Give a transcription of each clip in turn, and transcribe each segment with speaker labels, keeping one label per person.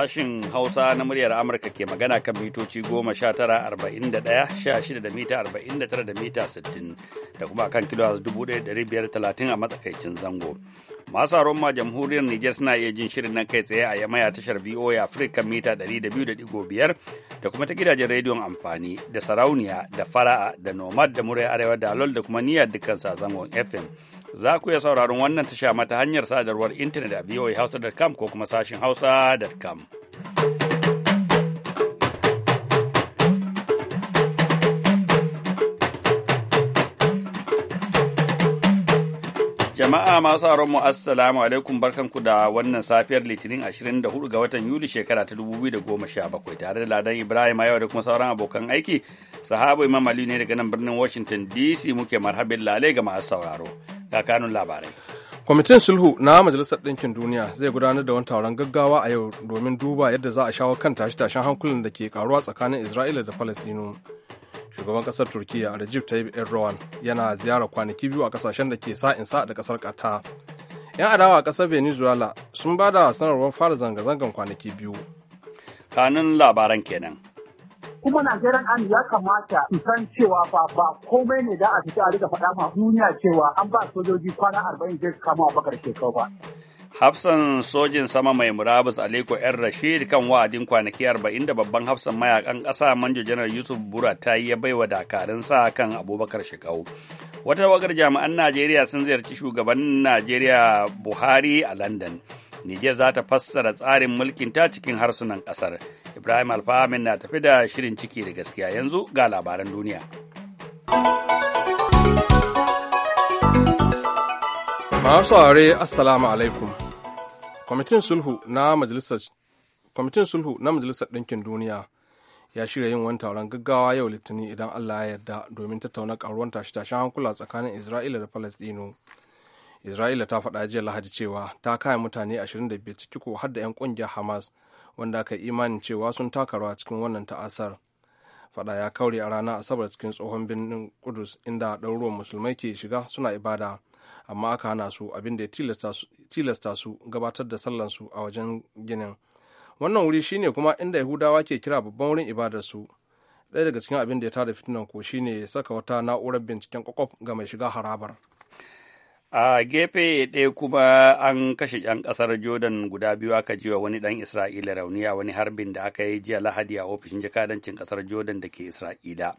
Speaker 1: sashin Hausa na muryar Amurka ke magana kan mitoci goma sha tara arba'in da ɗaya sha shida da mita arba'in da tara da mita sittin da kuma kan kilo dubu ɗaya da biyar talatin a matsakaicin zango. masu ma jamhuriyar Nijar suna iya jin shirin nan kai tsaye a yamaya tashar VOA Africa mita 200.5 da kuma ta gidajen rediyon amfani da sarauniya da fara'a da nomad da murai arewa da alol da kuma niyyar dukkan sazangon FM. Za ku iya sauraron wannan tasha mata hanyar sadarwar intanet a voahausa.com ko kuma sashin hausa.com. Jama'a masu mu assalamu alaikum barkanku da wannan safiyar Litinin 24 ga watan Yuli shekara ta 2017 tare da Ladan Ibrahim yau da kuma sauran abokan aiki Sahabu Imam Ali ne daga nan birnin Washington DC muke marhabin lale ga masu sauraro.
Speaker 2: Ga labarai. Kwamitin Sulhu na Majalisar Ɗinkin Duniya zai gudanar da wani taron gaggawa a yau domin duba yadda za a shawo kan tashe-tashen hankulan da ke karuwa tsakanin Isra'ila da Falastinu. Shugaban ƙasar Turkiyya Recep Tayyip Erdogan yana ziyarar kwanaki biyu a kasashen da ke sa sa'insa da kasar kata 'Yan adawa a kasar Venezuela sun ba da sanarwar fara zanga-zangan kwanaki biyu. Kanun labaran kenan.
Speaker 3: kuma Nigerian an ya kamata su san cewa ba ba komai ne da a fita a rika faɗa ma duniya cewa an ba sojoji kwana arba'in zai kama a bakar shekau ba.
Speaker 1: Hafsan sojin sama mai murabus Aliko ‘yan Rashid kan wa'adin kwanaki arba'in da babban hafsan mayakan ƙasa Manjo Janar Yusuf Bura ta yi ya baiwa dakarun sa kan Abubakar Shekau. Wata wagar jami'an Najeriya sun ziyarci shugaban Najeriya Buhari a London. Nijar za ta fassara tsarin mulkin ta cikin harsunan ƙasar. Ibrahim Alfahamin na tafi da shirin ciki da gaskiya yanzu ga labaran duniya.
Speaker 2: Masu aure Assalamu alaikum. Kwamitin sulhu na majalisar Kwamitin sulhu na majalisar ɗinkin duniya ya shirya yin wani taron gaggawa yau litinin idan Allah ya yarda domin tattauna karuwan tashe-tashen hankula tsakanin Isra'ila da Falasɗinu. isra'ila ta faɗa jiya lahadi cewa ta kaya mutane 25 ciki ko har da 'yan ƙungiyar hamas wanda aka yi imanin cewa sun taka rawa cikin wannan ta'asar faɗa ya kaure a rana asabar cikin tsohon birnin kudus inda ɗaruruwan musulmai ke shiga suna ibada amma aka hana su abin da ya tilasta su gabatar da sallansu a wajen ginin wannan wuri shine kuma inda yahudawa ke kira babban wurin ibadarsu ɗaya daga cikin abin da ya tada fitinan ko shine saka wata na'urar binciken kwakwaf ga mai shiga harabar
Speaker 1: a gefe ɗaya kuma an kashe 'yan ƙasar jordan guda biyu aka jiwa wani ɗan isra'ila rauni a wani harbin da aka yi jiya lahadi a ofishin jakadancin ƙasar jordan da ke isra'ila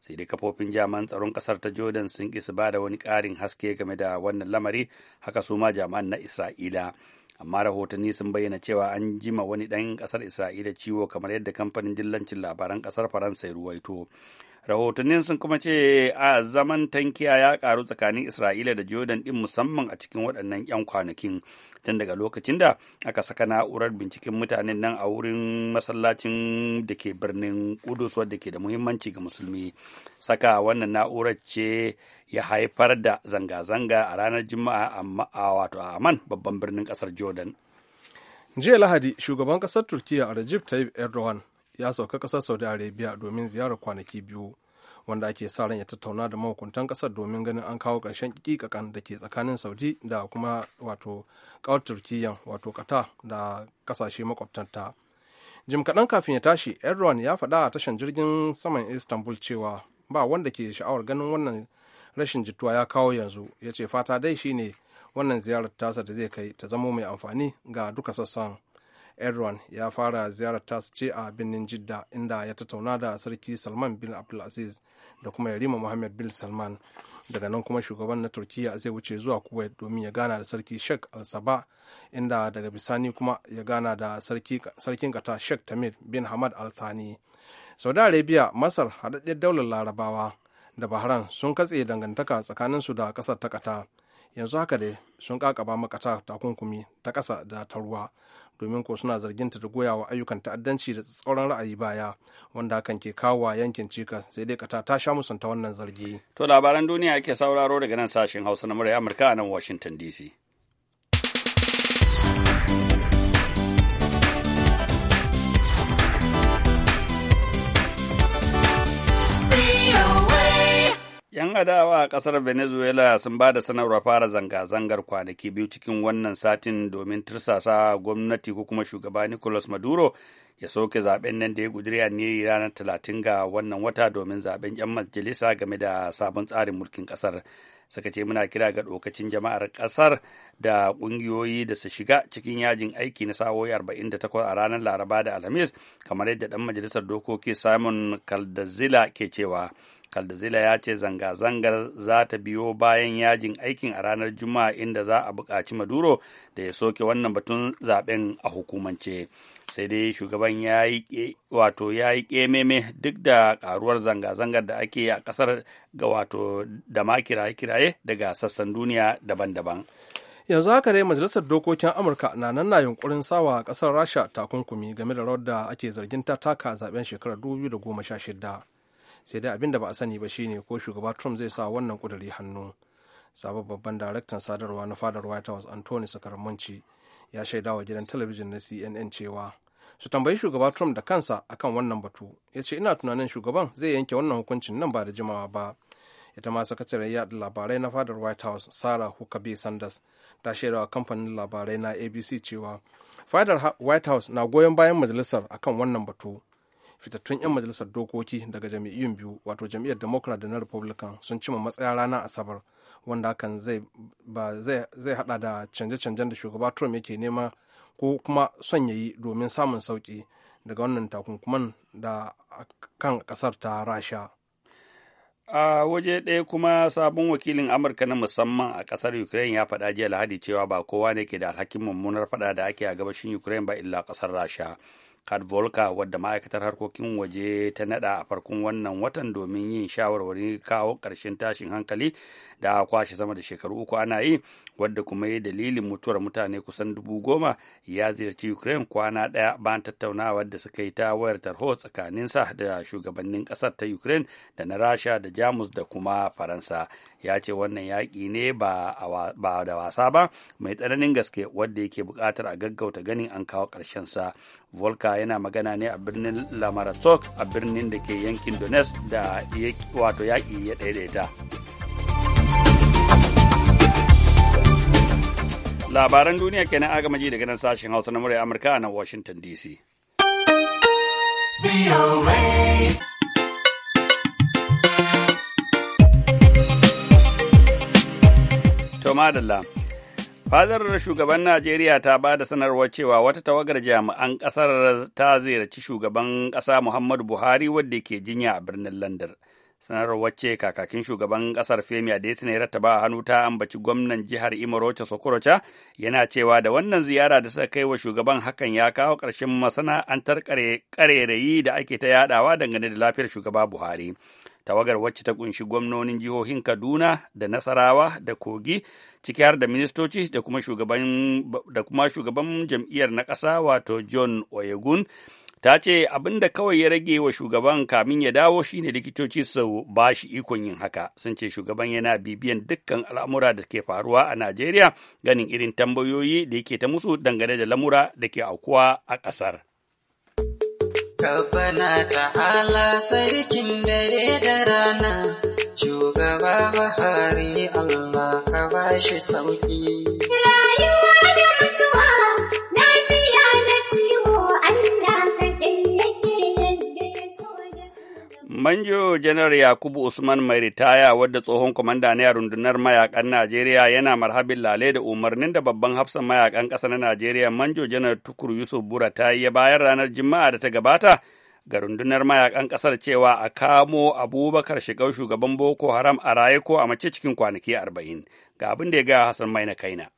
Speaker 1: sai dai kafofin jaman tsaron ƙasar ta jordan sun ƙi su ba da wani ƙarin haske game da wannan lamari haka su ma jami'an na isra'ila amma rahotanni sun bayyana cewa an jima wani ɗan ƙasar isra'ila ciwo kamar yadda kamfanin dillancin labaran ƙasar faransa ya ruwaito rahotannin sun kuma ce a zaman tankiya ya karu tsakanin isra'ila da jordan din musamman a cikin waɗannan 'yan kwanakin tun daga lokacin da aka saka na'urar binciken mutanen nan a wurin masallacin da ke birnin kudus wadda ke da muhimmanci ga musulmi saka wannan na'urar ce ya haifar da zanga-zanga a ranar juma'a a wato a aman babban birnin kasar
Speaker 2: jordan jiya lahadi shugaban kasar turkiya recep tayyip erdogan ya sauka kasar saudi arabia domin ziyarar kwanaki biyu wanda ake sa ran ya tattauna da mahukuntan kasar domin ganin an kawo ƙarshen ƙiƙakan da ke tsakanin saudi da kuma wato ƙawar turkiyya wato kata da ƙasashe makwabtanta jim kaɗan kafin ya tashi erdogan ya faɗa a tashan jirgin saman istanbul cewa ba wanda ke sha'awar ganin wannan rashin jituwa ya kawo yanzu ya ce fata dai shine wannan ziyarar tasa da zai kai ta zamo mai amfani ga duka sassan erdogan ya fara ziyarar tasu ce a birnin jidda inda ya tattauna da sarki salman bin abdulaziz da kuma yarima muhammad bin salman daga nan kuma shugaban na turkiyya zai wuce zuwa kuwait domin ya gana da sarki sheikh al-saba inda daga bisani kuma ya gana da sarkin kata sheikh tamir bin hamad al-thani saudi arabia masar haɗaɗɗen daular larabawa da bahrain sun katse dangantaka tsakaninsu da ƙasar ta kata yanzu haka dai sun kakaba makata takunkumi ta ƙasa da ta ruwa domin ko suna zargin ta da goya wa ayyukan ta'addanci da tsauran ra'ayi baya wanda hakan ke kawo yankin cikas sai dai kata ta sha musanta wannan zargi
Speaker 1: to labaran duniya ake sauraro daga nan sashen hausa na murya amurka a nan washington dc 'Yan adawa a ƙasar Venezuela sun ba da sanarwar fara zanga-zangar kwanaki biyu cikin wannan satin domin tirsasa gwamnati ko kuma shugaba Nicolas Maduro ya soke zaben nan da ya guduri ne ranar talatin ga wannan wata domin zaben 'yan majalisa game da sabon tsarin mulkin ƙasar. Saka ce muna kira ga ɗokacin jama'ar ƙasar da ƙungiyoyi da su shiga cikin yajin aiki na sa'o'i 48 a ranar Laraba da Alhamis kamar yadda ɗan majalisar dokoki Simon kaldazila ke cewa. Kaldazila ya ce zanga-zangar za ta biyo bayan yajin aikin a ranar Juma'a inda za a buƙaci Maduro da ya soke wannan batun zaben a hukumance. Sai dai shugaban ya yi wato ƙememe duk da ƙaruwar zanga-zangar da ake a ƙasar ga wato da ma kiraye-kiraye daga sassan duniya daban-daban.
Speaker 2: yanzu haka dai majalisar dokokin amurka na nan na yunkurin sawa ƙasar rasha takunkumi game da rawar da ake zargin ta taka zaben shekarar 2016 sai dai abin da ba a sani ba shine ko shugaba trump zai sa wannan kuduri hannu sabon babban daraktan sadarwa na fadar white house anthony sakaramanci ya shaida wa gidan talabijin na cnn cewa su tambayi shugaba trump da kansa akan wannan batu ya ce ina tunanin shugaban zai yanke wannan hukuncin nan ba da jimawa ba ita ma sakataren yaɗa labarai na fadar white house sarah huckabee sanders ta shaida shaidawa kamfanin labarai na abc cewa fadar white house na goyon bayan majalisar akan wannan batu fitattun 'yan majalisar dokoki daga jam'iyyun biyu wato jam'iyyar democrat da na republican sun cima matsaya rana asabar wanda hakan zai hada da canje-canjen da shugaba trump yake nema ko kuma son yayi domin samun sauki daga wannan takunkuman da kan kasar ta rasha a waje ɗaya kuma sabon
Speaker 1: wakilin amurka na musamman a ƙasar ukraine ya faɗa jiya lahadi cewa ba kowa ne ke da alhakin mummunar faɗa da ake a gabashin ukraine ba illa ƙasar rasha Kad Volka wadda ma'aikatar harkokin waje ta nada a farkon wannan watan domin yin shawarwari kawo ƙarshen tashin hankali da kwashe sama da shekaru uku ana yi wadda kuma yi dalilin mutuwar mutane kusan dubu goma ya ziyarci ukraine kwana daya bayan tattaunawar da suka yi ta wayar tarho sa da shugabannin kasar ta ukraine da na rasha da jamus da kuma faransa ya ce wannan yaƙi ne ba da wasa ba mai tsananin gaske wadda yake buƙatar a gaggauta ganin an kawo sa volka yana magana ne a birnin lamaratok a birnin da ke yankin donetsk da wato yaƙi ya ɗaiɗaita Labaran duniya kenan gama maji daga nan sashen Hausa na murya Amurka a nan Washington DC. tomadala madalla. Fadar shugaban Najeriya ta ba da sanarwar cewa wata tawagar jami'an ƙasar ta ziyarci shugaban ƙasa Muhammadu Buhari wadda ke jinya a birnin Landar. sanarwar wacce kakakin shugaban kasar femi adesina ya rattaba a hannu ta ambaci gwamnan jihar imarocha sokorocha yana cewa da wannan ziyara da suka kai wa shugaban hakan ya kawo ƙarshen masana'antar ƙarerayi da ake ta yadawa dangane da lafiyar shugaba buhari tawagar wacce ta kunshi gwamnonin jihohin kaduna da nasarawa da kogi ciki har da ministoci da kuma shugaban jam'iyyar na ƙasa wato john oyegun ta ce abin da kawai ya rage wa shugaban kamin ya dawo shine likitoci su ba shi ikon yin haka sun ce shugaban yana bibiyan dukkan al'amura da ke faruwa a najeriya ganin irin tambayoyi da yake ta musu dangane da lamura da ke aukuwa a ƙasar Kafana ta
Speaker 4: ala sarkin dare da rana, shugaba Buhari Allah ka ba shi sauki. Rayuwa
Speaker 1: Manjo Janar Yakubu Usman mai ritaya wadda tsohon kwamanda a rundunar mayakan Najeriya yana marhabin lale da umarnin da babban hafsan mayakan ƙasa na Najeriya Manjo Janar Tukur Yusuf Bura ta yi bayan ranar Juma'a da ta gabata ga rundunar mayakan ƙasar cewa a kamo Abubakar Shigau shugaban Boko Haram a raye ko a mace cikin kwanaki arba'in ga abin da ya gaya Hassan Maina Kaina.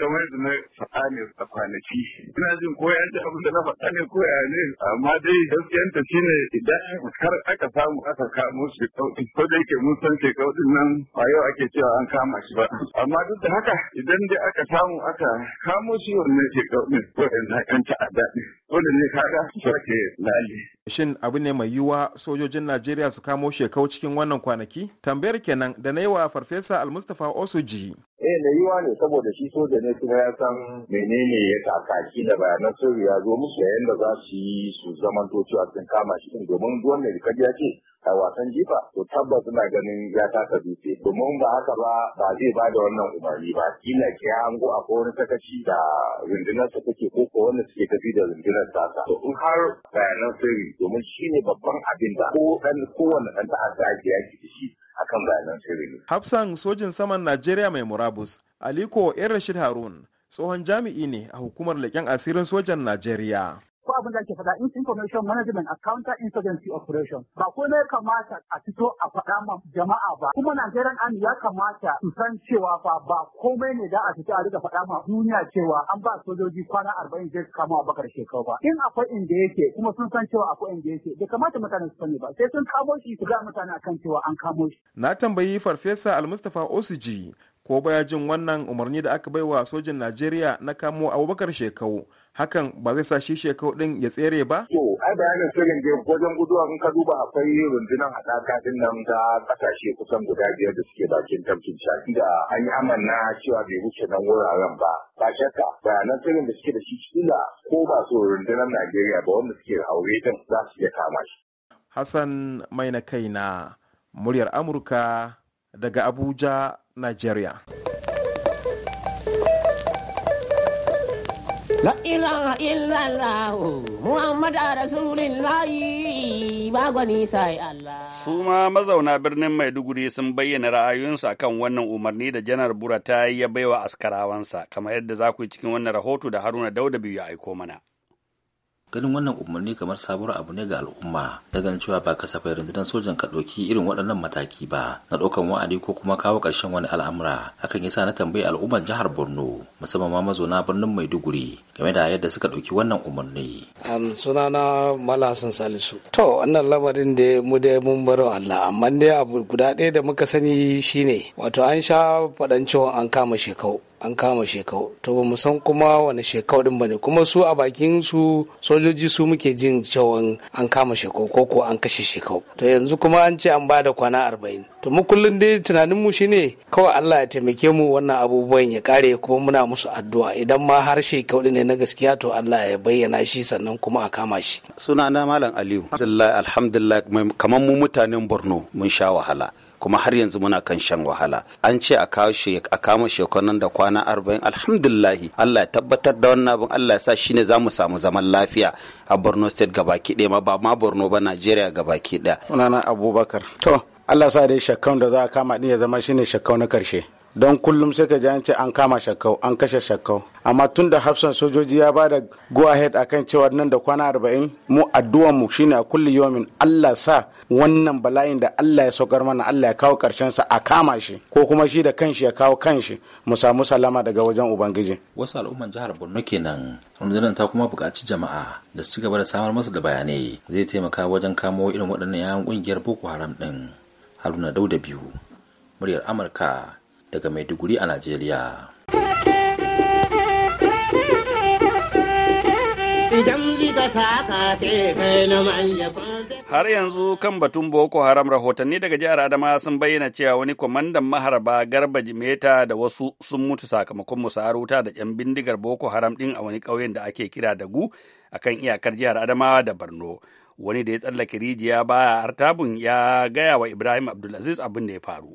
Speaker 4: kamar da na faɗa ne a kwanaki ina jin ko ya ji da na faɗa ne ko ya ne amma dai gaskiyanta shine idan kar aka samu aka kamo shi kawai ko da yake mun san din nan ba yau ake cewa an kama shi ba amma duk da haka idan dai aka samu aka kamo shi wannan
Speaker 2: shi kaudin ko na kan ta'adda ne da ne kaga su sake lali
Speaker 3: shin abu ne mai yiwuwa sojojin Najeriya su kamo shekau cikin wannan kwanaki tambayar kenan da na yi wa
Speaker 4: farfesa Al-Mustapha mustapha Osuji eh na yiwa ne saboda shi soja ne kuma ya san menene ya kakaki da bayanan sirri ya zo musu yayin da za su yi su zaman toci a cikin kama shi din domin duwan mai kaji ya ce a wasan jifa to tabbas ina ganin ya taka dutse domin ba haka ba ba zai ba da wannan umarni ba kila ke hango a ko wani sakaci da rundunar ta take ko ko wanda suke tafi da rundunar tasa to in har bayanan sirri domin shine babban abin da ko dan kowanne dan ta'adda yake shi akan bayanan sirri.
Speaker 2: Hafsan sojin saman Najeriya mai murabus Aliko 'Yar Rashid Harun tsohon jami'i ne a hukumar leƙen asirin sojan Najeriya.
Speaker 3: abin da ake faɗa in information management a counter insurgency operation ba komai kamata a fito a faɗa ma jama'a ba kuma Nigerian Army ya kamata su san cewa fa ba komai ne da a fito a riga faɗa ma duniya cewa an ba sojoji kwana arba'in zai kama a bakar shekau ba in akwai inda yake kuma sun san cewa akwai inda yake bai kamata mutane su sani ba sai sun kamo shi su ga mutane akan cewa an kamo shi
Speaker 4: na tambayi farfesa
Speaker 3: almustafa osiji ko baya jin wannan umarni da aka baiwa sojin najeriya na kamo abubakar
Speaker 2: shekau hakan ba zai sa shi shekau din ya tsere ba? To,
Speaker 4: ai bayanin sirrin da wajen guduwa in ka duba akwai rundunar haɗaka din nan da ƙasashe kusan guda biyar da suke bakin tafkin shafi da an yi amanna cewa bai wuce nan wuraren ba. Ba shakka bayanan sirrin da suke da shi kila ko ba su rundunar Najeriya ba wanda suke haure din za su iya kama shi.
Speaker 2: Hassan Maina Kaina, muryar Amurka daga
Speaker 3: Abuja,
Speaker 2: Nigeria.
Speaker 4: La ilaha illallah Muhammad Rasulullah ba gwani sai Allah.
Speaker 1: Su ma mazauna birnin Maiduguri sun bayyana ra'ayoyinsu akan wannan umarni da Janar Bura ta yi ya baiwa askarawansa, kamar yadda za ku yi cikin wannan rahoto da Haruna Dauda biyu ya aiko mana.
Speaker 4: ganin wannan umarni kamar sabuwar abu ne ga al'umma da ganin cewa ba kasafai rundunar sojan ka ɗauki irin waɗannan mataki ba na ɗaukan wa'adi ko kuma kawo ƙarshen wani al'amura hakan yasa na tambayi al'ummar jihar borno musamman ma mazauna birnin maiduguri game da yadda suka ɗauki wannan umarni.
Speaker 5: Um, sunana malasan salisu to wannan lamarin da mu dai mun baro allah amma dai abu guda ɗaya da muka sani shine wato an sha faɗan cewa an kama shekau an kama shekau to ba san kuma wani shekau din bane kuma su a bakin su sojoji su muke jin cewa an kama shekau ko ko an kashe shekau to yanzu kuma an ce an bada kwana arba'in to mu kullum dai tunanin mu shine kawai Allah ya taimake mu wannan abubuwan ya kare kuma muna musu addu'a idan ma har shekau din ne na gaskiya to Allah ya bayyana shi sannan kuma a kama shi
Speaker 3: sunana malam Aliyu alhamdulillah kamar mu mutanen Borno mun sha wahala kuma har yanzu muna kan shan wahala an ce a kawo shi a kama shekwanan da kwana arba'in alhamdulillahi Allah ya tabbatar da wannan abin Allah ya sa shine za mu samu zaman lafiya a Borno State gabaki ɗaya ba ma Borno ba Najeriya gabaki ɗaya. Sunana Abubakar. To Allah sa dai shakkan da za a kama ɗin ya zama shine shakkau na karshe. don kullum sai ka ji an ce an kama shakkau an kashe shakkau amma tun da hafsan sojoji ya ba da go ahead akan cewa nan da kwana arba'in mu addu'an mu shine a kulli yomin Allah sa wannan bala'in da Allah ya saukar mana Allah ya kawo karshen sa a kama shi ko kuma shi da kanshi ya kawo kanshi mu samu salama daga wajen ubangiji
Speaker 2: wasu al'umman jihar Borno
Speaker 4: kenan rundunar ta kuma buƙaci jama'a da su gaba da samar masa da bayanai zai taimaka wajen kamo irin waɗannan yayan ƙungiyar Boko Haram ɗin Haruna Dauda biyu muryar Amurka daga Maiduguri a Najeriya.
Speaker 1: Har yanzu kan batun Boko Haram rahotanni daga jihar Adama sun bayyana cewa wani kwamandan maharba Garba Jimeta da wasu sun mutu sakamakon musaruta da 'yan bindigar Boko Haram ɗin a wani ƙauyen da ake kira Dagu a kan iyakar jihar adama da Borno. Wani da ya tsallake rijiya baya artabun ya gaya wa Ibrahim Abdulaziz abin da ya faru.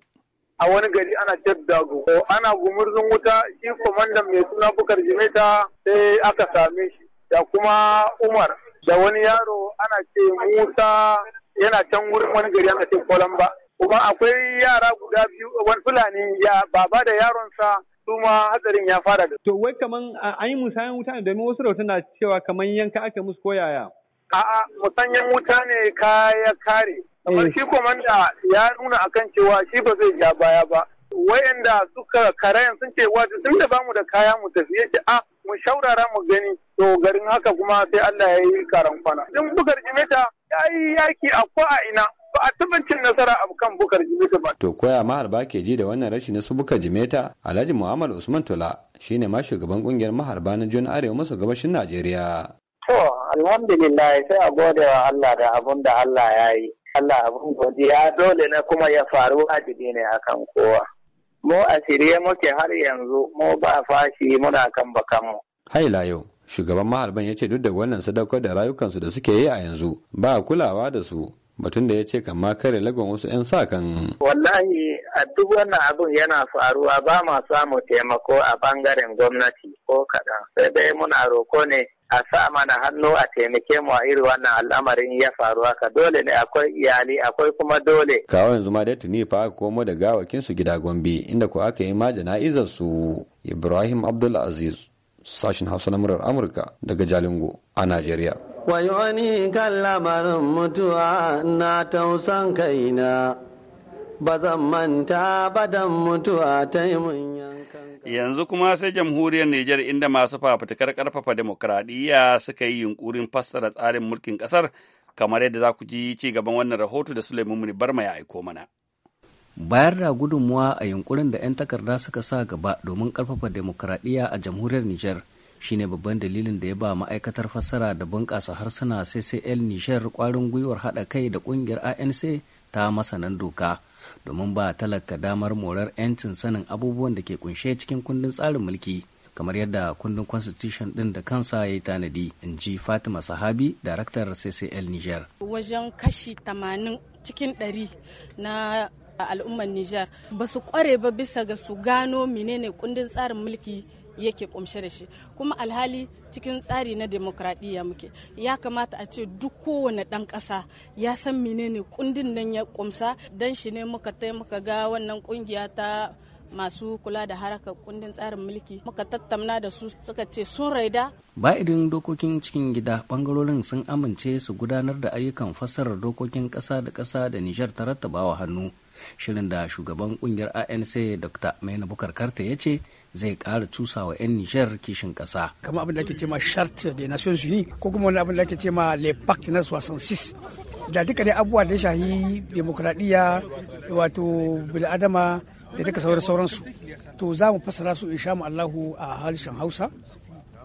Speaker 5: a wani
Speaker 3: gari ana dago ana gumurzun wuta shi kwamandan mai suna bukar jimeta sai aka same shi da kuma umar da wani yaro ana ce musa yana can wurin wani gari ana ce kolamba kuma akwai yara guda biyu wani fulani ya baba da yaronsa su ma hatsarin ya fara da to wai kaman an yi musayan wuta ne domin wasu rahoton na cewa kaman yanka ake musu koyaya a'a musanyen wuta ne kaya kare kamar eh. shi komanda ya nuna akan cewa shi ba zai ja baya ba wayanda suka karayan sun ce wato tun da bamu da kaya mu tafi ce a ah, mu shaurara mu gani to garin haka kuma sai Allah ya yi karan kwana din bukar jimeta ya yi yaki a ko a ina ba a tabbacin nasara a kan bukar jimeta ba to koya maharba ke ji da wannan rashi na su bukar jimeta Alhaji Muhammad Usman Tola shine ma shugaban kungiyar maharba na John Arewa maso gabashin Najeriya
Speaker 4: to alhamdulillah sai a gode wa Allah da abun da Allah ya yi Allah abin godiya dole na kuma ya faru wajibi ne akan kowa. Mu a shirye muke har yanzu mu ba fashi muna kan bakanmu. Haila
Speaker 3: yau. Shugaban maharban ya ce duk da wannan sadaukar da rayukansu da suke yi a yanzu ba kulawa da su batun da ya ce kama kare lagon wasu 'yan sa kan.
Speaker 4: Wallahi a duk wannan abin yana faruwa ba ma samu taimako a bangaren gwamnati ko kaɗan sai dai muna roko ne a sa mana hannu a taimake mu a irin wannan al'amarin ya faru haka dole ne akwai iyali akwai kuma dole.
Speaker 3: Kawo yanzu ma dai tuni fa aka komo da gawakin su gida Gombe inda ko aka yi ma jana'izar su Ibrahim Abdulaziz Aziz sashin Hausa na murar Amurka daga Jalingo a Najeriya.
Speaker 5: wani kan lamarin mutuwa na tausan kaina ba zan manta badan mutuwa ta yi
Speaker 1: Yanzu kuma sai jamhuriyar Nijar inda masu fafutukar karfafa demokradiyya suka yi yunkurin fassara tsarin mulkin ƙasar kamar yadda za ku ji ci gaban wannan rahoto da Suleiman Muni Barma ya aiko mana.
Speaker 5: Bayar da gudunmuwa a yunkurin da 'yan takarda suka sa gaba domin karfafa demokradiyya a jamhuriyar Nijar shine babban dalilin da ya ba ma'aikatar fassara da bunƙasa harsuna CCL Nijar kwarin gwiwar haɗa kai da ƙungiyar ANC ta masanan doka. domin ba talaka damar morar 'yancin sanin abubuwan da ke kunshe cikin kundin tsarin mulki kamar yadda kundin constitution din da kansa ya yi tanadi in ji fatima sahabi daraktar ccl niger
Speaker 4: wajen kashi 80 cikin 100 na al'ummar niger ba su kware ba bisa ga su gano menene kundin tsarin mulki yake kumshe da shi kuma alhali cikin tsari na demokradiyya muke ya kamata a ce duk kowane ɗan ƙasa ya san menene kundin nan ya kumsa dan shi ne muka taimaka ga wannan kungiya ta masu kula da harakar kundin tsarin mulki muka tattauna da su suka ce sun raida.
Speaker 5: ba idan dokokin cikin gida bangarorin sun amince su gudanar da ayyukan fassarar dokokin ƙasa da ƙasa da Nijar ta rattabawa hannu. Shirin da shugaban kungiyar ANC Dr. Maina Bukar Karta ya ce zai cusa wa 'yan Nijar kishin kasa Kamar abin da ake ce ma Charte des Nations Unies ko kuma wani abin da ake ce ma Le Pacte na 66 da duka dai abubuwa da shahi demokradiyya wato bil'adama da duka sauran sauransu to za mu fassara su in mu Allahu a harshen Hausa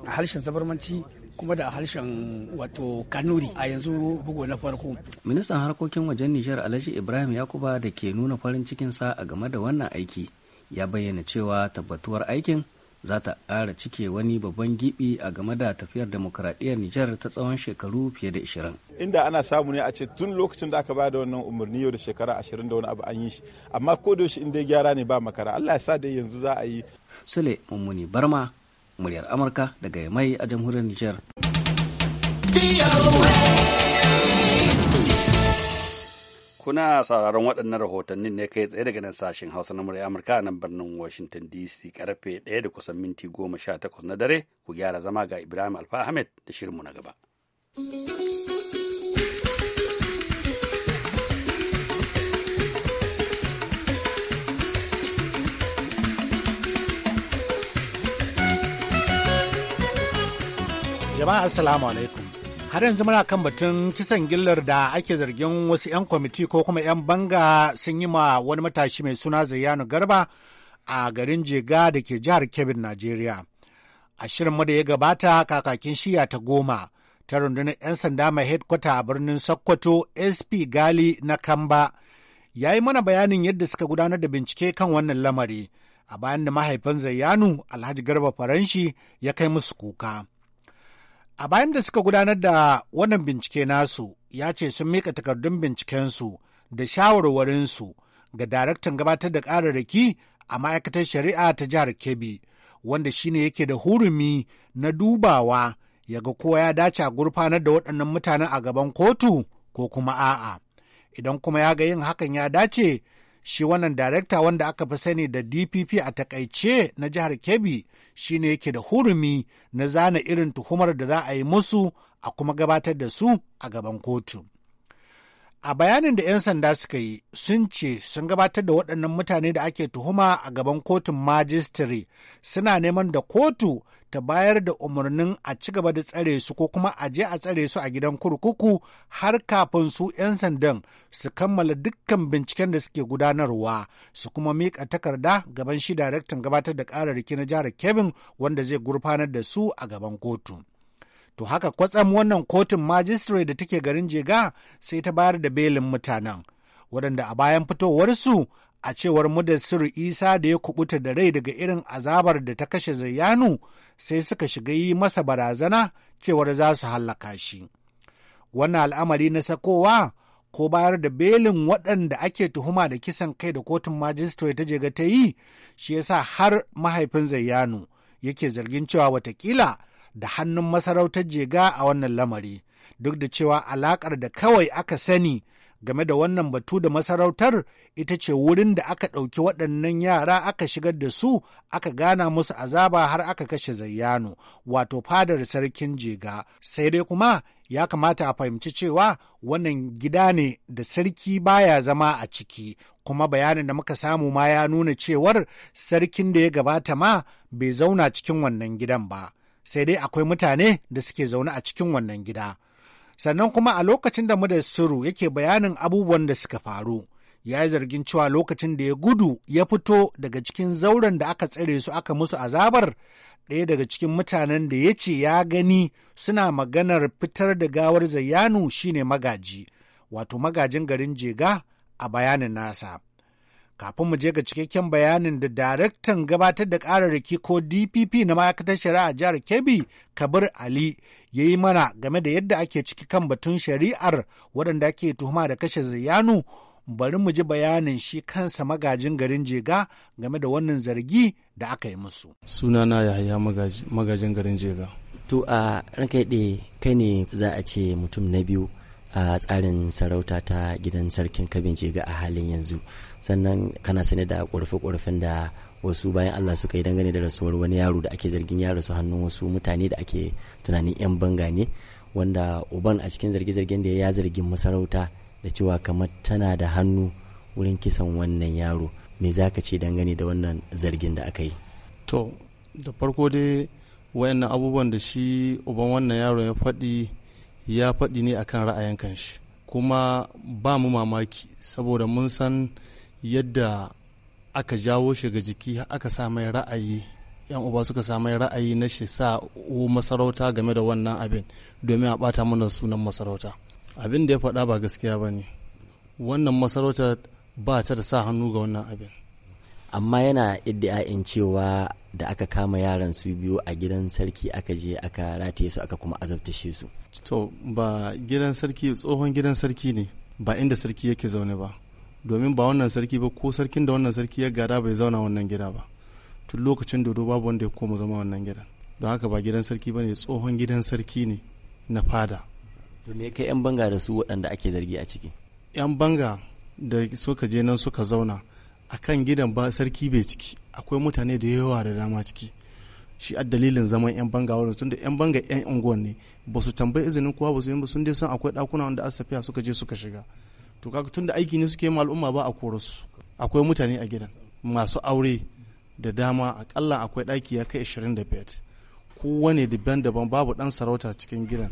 Speaker 5: a harshen zabarmanci kuma da harshen wato kanuri a yanzu bugu na farko. Ministan harkokin wajen Nijar Alhaji Ibrahim Yakuba da ke nuna farin cikinsa a game da wannan aiki ya bayyana cewa tabbatuwar aikin za ta ƙara cike wani babban gibi a game da tafiyar demokuraɗiyyar Nijar ta tsawon shekaru fiye da 20.
Speaker 3: Inda ana samu ne a ce tun lokacin da aka bada wannan umarni yau da shekara 20 da wani abu an yi shi, amma ko da in dai gyara ne ba makara,
Speaker 5: Allah ya sa da yanzu za a yi. Sule Mummuni Barma, muryar Amurka daga Yamai a jamhuriyar Nijar.
Speaker 1: Kuna sauraron waɗannan rahotannin ne kai tsaye daga nan sashen Hausa na murya Amurka nan birnin Washington DC karfe 1 da kusan minti goma sha takwas na dare ku gyara zama ga Ibrahim Alfa Ahmed da shirinmu na gaba.
Speaker 3: Jama'a Assalamu alaikum. har yanzu muna kan batun kisan gillar da ake zargin wasu 'yan kwamiti ko kuma 'yan banga sun yi ma wani matashi mai suna zayyano garba a garin jega da ke jihar kebbi najeriya a shirin da ya gabata kakakin shiya ta goma ta rundunar 'yan sanda mai headquarter a birnin sokoto sp gali na kamba ya yi mana bayanin yadda suka gudanar da bincike kan wannan lamari a bayan da mahaifin zayyanu alhaji garba faranshi ya kai musu kuka A bayan da suka gudanar da wannan bincike nasu ya ce sun mika takardun bincikensu da shawarwarinsu ga daraktan gabatar da ƙararraki a ma'aikatar shari'a ta jihar Kebbi, wanda shine yake da hurumi na dubawa ya ga ko ya dace a gurfanar da waɗannan mutanen a gaban kotu ko kuma a'a. Idan kuma ya ga yin hakan ya dace shi wannan darekta wanda aka fi sani da dpp a takaice na jihar kebbi shi ne yake da hurumi na zana irin tuhumar da za a yi musu a kuma gabatar da su a gaban kotu. A bayanin da 'yan sanda suka yi sun ce sun gabatar da waɗannan mutane da ake tuhuma a gaban kotun majistare suna neman da kotu ta bayar da umarnin a ci gaba da tsare su ko kuma a je a tsare su a gidan kurkuku har kafin su 'yan sandan su kammala dukkan binciken da suke gudanarwa su kuma miƙa takarda gaban shi daraktan gabatar da kararriki na jihar Kebin wanda zai gurfanar da su a gaban kotu. To haka kwatsam wannan kotun majistare da take garin Jega sai ta bayar da belin mutanen, waɗanda a bayan fitowarsu a cewar mudassir Isa da ya kubuta da rai daga irin azabar da ta kashe Zayyanu sai suka shiga yi masa barazana cewar za su hallaka shi. Wannan al'amari na sakowa ko bayar da belin waɗanda ake tuhuma da kisan kai da kotun majistare ta jega ta yi shi yasa har mahaifin zayyanu yake zargin cewa watakila da hannun masarautar jega a wannan lamari duk da cewa alaƙar da kawai aka sani game da wannan batu da masarautar ita ce wurin da aka ɗauki waɗannan yara aka shigar da su aka gana musu azaba har aka kashe zayyano wato fadar sarkin jega sai dai kuma ya kamata a fahimci cewa wannan gida ne da sarki baya zama a ciki kuma bayanin da muka samu ma ya nuna cewar sarkin da ya gabata ma bai zauna cikin wannan gidan ba sai dai akwai mutane da suke zaune a cikin wannan gida. Sannan kuma a lokacin da Muda Suru yake bayanin abubuwan da suka faru, ya yi zargin cewa lokacin da ya gudu ya fito daga cikin zauren da aka tsare su aka musu azabar, ɗaya daga cikin mutanen da ya ce ya gani suna maganar fitar da gawar Zayyanu shine magaji, wato magajin garin Jega a bayanin nasa. kafin mu je ga cikakken bayanin da daraktan gabatar da kararraki ko dpp na ma'aikatar shari'a jihar kebbi kabir ali ya yi mana game da yadda ake ciki kan batun shari'ar waɗanda ake tuhuma da kashe ziyanu bari mu ji bayanin shi kansa magajin garin jega game da wannan zargi da aka yi musu
Speaker 4: sunana yahaya magajin garin jega to a ranka kai ne za a ce mutum na biyu a tsarin sarauta ta gidan sarkin kabin ga a halin yanzu sannan kana sane da kurfe ƙorafen da wasu bayan Allah suka yi dangane da rasuwar wani yaro da ake zargin ya rasu hannun wasu mutane da ake tunanin 'yan banga ne wanda uban a cikin zarge-zargen da ya zargin masarauta da cewa kamar tana da hannu wurin kisan wannan yaro me za ka ce dangane da wannan zargin da aka yi to
Speaker 6: da farko dai wayannan abubuwan da shi uban wannan yaro ya faɗi ya faɗi ne akan ra'ayin kanshi kuma ba mu mamaki saboda mun san yadda aka jawo shi ga jiki aka sa mai ra'ayi yan uba suka sa mai ra'ayi na shi sa masarauta game da wannan abin domin a bata mana sunan masarauta abin da ya faɗa ba gaskiya ba ne wannan masarauta ba ta da sa hannu ga wannan abin
Speaker 4: amma yana iddia'in cewa da aka kama yaran su biyu a gidan sarki aka je aka rataye su aka kuma azabtashe su
Speaker 6: to ba gidan sarki tsohon gidan sarki ne ba inda sarki yake zaune ba domin ba wannan sarki ba ko sarkin da wannan sarki ya gada bai zauna wannan gida ba tun lokacin dodo babu wanda ya koma zama wannan gidan don haka ba gidan sarki ba tsohon gidan sarki ne na fada
Speaker 4: to me kai yan banga da su waɗanda ake zargi a ciki
Speaker 6: yan banga da suka je nan suka zauna a kan gidan ba sarki bai ciki akwai mutane da yawa da dama ciki shi a dalilin zaman yan banga wurin tunda yan banga yan unguwan ne ba su tambayi izinin kowa ba su yi ba sun dai san akwai dakuna wanda asafiya suka je suka shiga to kaga tunda aiki ne suke ma al'umma ba a korasu akwai mutane a gidan masu aure da dama akalla akwai daki ya kai 25 kowane daban-daban babu dan sarauta cikin gidan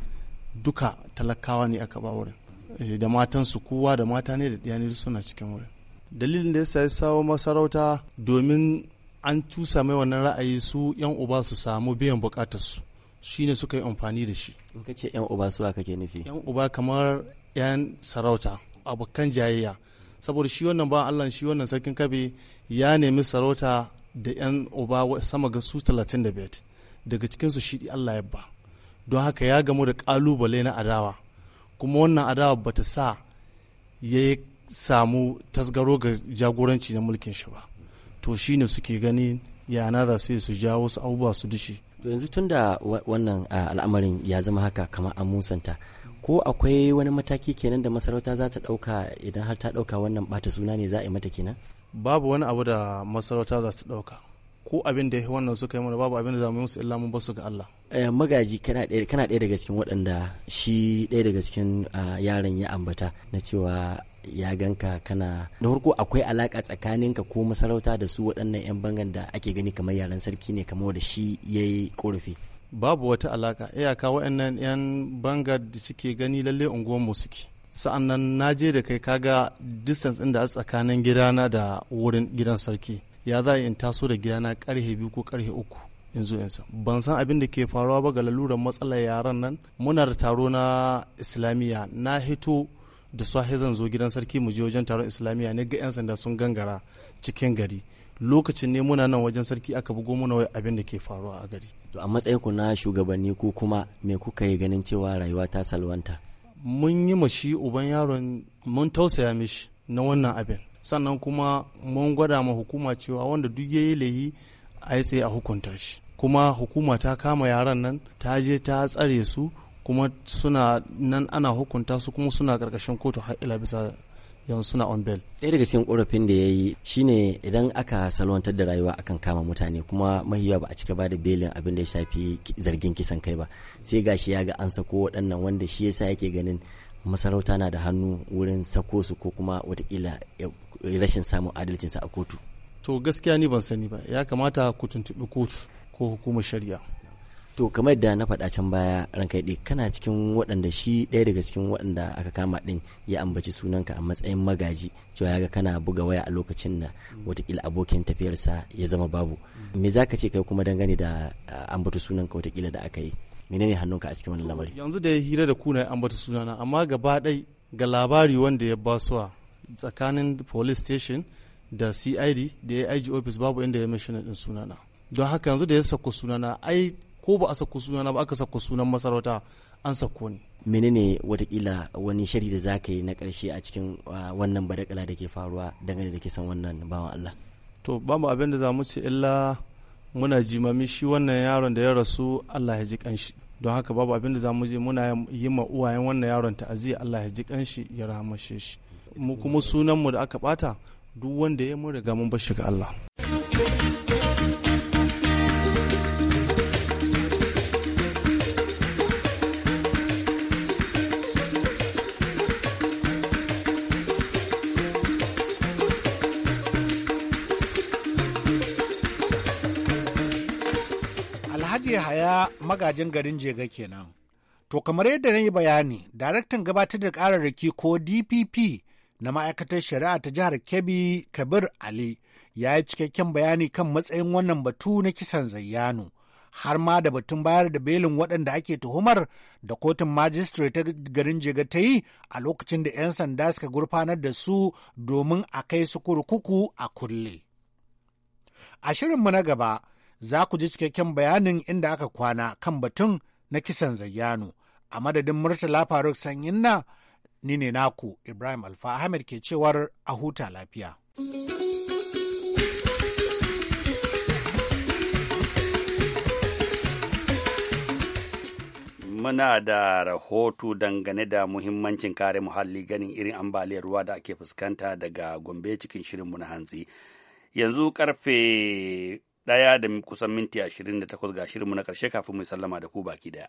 Speaker 6: duka talakawa ne aka ba wurin eh, da matansu kowa da mata ne da ɗiya suna cikin wurin dalilin da ya sawo masarauta domin an cusa mai wannan ra'ayi su yan uba su samu biyan bukatarsu shi ne suka yi amfani da shi
Speaker 4: in ka ce yan uba su aka ke nufi
Speaker 6: yan uba kamar yan sarauta abokan jayayya saboda shi wannan ba allah shi wannan sarkin kabe ya nemi sarauta da yan uba sama ga su 35 daga cikinsu shi allah ya ba don haka ya gamu da kalubale na adawa kuma wannan adawa bata sa ya yi samu tasgaro ga jagoranci na mulkin shi ba to shi ne
Speaker 4: suke ganin yana za su su jawo su abubuwa su dushe to yanzu tun da wannan al'amarin ya zama haka kamar an musanta ko akwai wani mataki kenan da masarauta za ta ɗauka idan har ta ɗauka wannan bata suna ne za a yi mata kenan babu wani abu da masarauta
Speaker 6: za ta ɗauka ko abin da ya wannan suka yi mana babu abin da za mu yi musu illa mun basu ga Allah
Speaker 4: eh, magaji kana ɗaya daga cikin waɗanda shi ɗaya daga cikin yaran ya ambata na cewa ya ganka kana da farko akwai alaka tsakaninka ko masarauta da su waɗannan 'yan bangan da ake gani kamar yaren sarki ne kamar da shi ya yi ƙorafi babu wata alaka
Speaker 6: iyaka waɗannan 'yan banga da suke gani lalle unguwar mu suke sa'an na je da kai kaga distance ɗin da a tsakanin gidana da wurin gidan sarki ya za in taso da gidana karhe biyu ko karhe uku in zo in ban san abin da ke faruwa ba ga laluran matsalar yaran nan muna da taro na islamiyya na hito da safe zan zo gidan sarki mu je wajen taron islamiyya ne ga 'yan sanda sun gangara cikin gari lokacin ne muna nan wajen sarki aka bugo muna wai abin da ke faruwa a gari
Speaker 4: to a matsayin ku na shugabanni ko kuma me kuka yi ganin cewa rayuwa ta salwanta mun yi mashi uban yaron
Speaker 6: mun tausaya mishi na wannan abin sannan kuma mun gwada ma hukuma cewa wanda duk yayi lahi a sai a hukunta shi kuma hukuma ta kama yaran nan ta je ta tsare su kuma suna nan ana hukunta su kuma suna karkashin kotu har ila bisa yanzu suna on bail
Speaker 4: ɗaya daga cikin korafin da ya yi shine idan aka salwantar da rayuwa akan kama mutane kuma mahiya ba a cika ba da belin abin da ya shafi zargin kisan kai ba sai gashi ya ga an sako waɗannan wanda shi yasa yake ganin masarauta na da hannu wurin sako su ko kuma watakila rashin samun adalcinsa a kotu
Speaker 6: to gaskiya ni ban sani ba ya kamata ku tuntuɓi kotu ko hukumar shari'a
Speaker 4: to kamar da na faɗa can baya ranka ɗe kana cikin waɗanda shi ɗaya daga cikin waɗanda aka kama ɗin ya ambaci sunanka a matsayin magaji cewa ga kana buga waya a lokacin da watakila abokin tafiyarsa ya zama babu me za ka ce kai kuma dangane da ambata sunanka watakila da aka yi menene hannunka a cikin wani lamari
Speaker 6: yanzu da ya hira da kuna ya ambata sunana amma gaba ɗai ga labari wanda ya basuwa tsakanin police station da cid da ig office babu inda ya mai ɗin sunana don haka yanzu da ya sako sunana ai ko ba a sako sunana ba aka sako
Speaker 4: sunan masarauta an sako ni menene watakila wani shari da zaka yi na karshe a cikin wannan badakala da ke faruwa dangane da kisan wannan bawan Allah to ba mu abin da za
Speaker 6: mu ce illa muna jimami shi wannan yaron da ya rasu Allah ya ji kanshi don haka babu abin da za mu je muna yi ma uwayen wannan yaron ta'aziyya Allah ya ji kanshi ya rahama shi mu kuma sunan mu da aka bata duk wanda ya mu riga mun bar shi ga Allah
Speaker 3: yahaya magajin garin jega kenan to kamar yadda na yi bayani daraktan gabatar da ƙararraki ko dpp na ma'aikatar shari'a ta jihar kebbi kabir ali ya yi cikakken bayani kan matsayin wannan batu na kisan zayyano har ma da batun bayar da belin waɗanda ake tuhumar da kotun majistare ta garin jega ta yi a lokacin da 'yan sanda suka gurfanar da su domin a kai su kurkuku a kulle. A shirinmu na gaba za ku ji cikakken bayanin inda aka kwana kan batun na kisan zayyano a madadin murtala faruk sanyin na ni ne naku ibrahim alfa ahmed ke cewar a huta lafiya.
Speaker 1: muna da rahoto dangane da muhimmancin kare muhalli ganin irin ambaliyar ruwa da ake fuskanta daga gombe cikin shirinmu na hantsi yanzu karfe daya da kusan minti ashirin da takwas ga shirinmu na ƙarshe kafin mu sallama da ku baki daya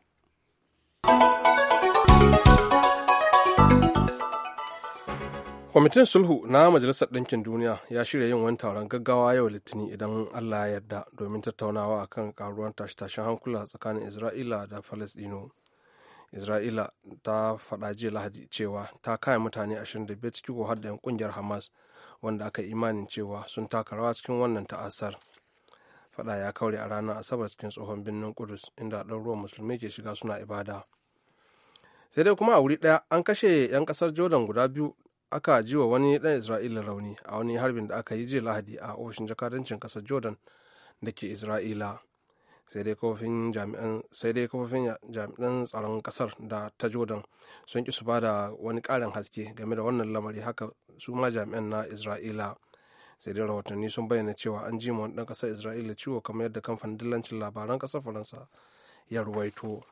Speaker 2: kwamitin sulhu na majalisar ɗinkin duniya ya shirya yin wani taron gaggawa yau litinin idan allah ya yarda domin tattaunawa a kan ƙaruwar tashe-tashen hankula tsakanin isra'ila da falasɗino isra'ila ta faɗa jiya lahadi cewa ta kaya mutane 25 cikin har da 'yan ƙungiyar hamas wanda aka imanin cewa sun taka rawa cikin wannan ta'asar fada ya kaure a ranar asabar cikin tsohon birnin kudus inda ɗan ruwan musulmi ke shiga suna ibada sai dai kuma a wuri ɗaya an kashe 'yan ƙasar jordan guda biyu aka ji wa wani ɗan isra'ila rauni a wani harbin da aka yi jiya lahadi a ofishin jakadancin ƙasar jordan da ke isra'ila sai dai kafofin jami'an tsaron ƙasar da ta jordan sun ki su ba da wani ƙarin haske game da wannan lamari haka su ma jami'an na isra'ila sai dai rahotanni sun bayyana cewa an ji wani ɗan ƙasar isra'ila ciwo kamar yadda kamfanin dillancin labaran ƙasar faransa ya ruwaito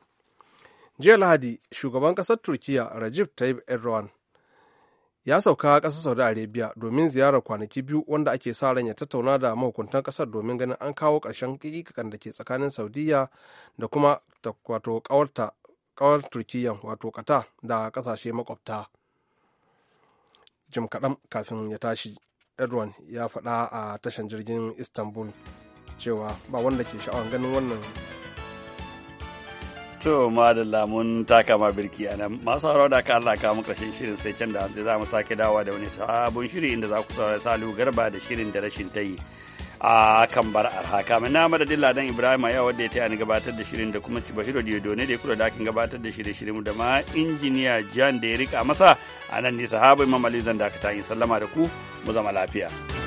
Speaker 2: jiya lahadi shugaban ƙasar turkiya rajib tayyip erdogan ya sauka ƙasar saudi arabia domin ziyarar kwanaki biyu wanda ake sa ran ya tattauna da mahukuntan ƙasar domin ganin an kawo ƙarshen ƙiƙikan da ke tsakanin saudiya da kuma wato ƙawarta kawar turkiyya wato kata da ƙasashe makwabta jim kaɗan kafin ya tashi erdogan ya faɗa a tashar jirgin istanbul cewa ba wanda ke sha'awar ganin wannan To
Speaker 1: da lamun taka ma birki a nan masu haura da aka Allah kawo karshen shirin sai can da hanse za mu sake dawa da wani sabon shiri inda za ku saurari Salu Garba da shirin da rashin ta yi. a kan bar arha mun na madadin ladan ibrahim ya wadda ya taya ni gabatar da shirin da kuma cibahiro diodo ne da ya kula da kin gabatar da shirye shirye da ma injiniya jan da ya rika masa a nan ne sahaba mamali zan dakata in sallama da ku mu zama lafiya.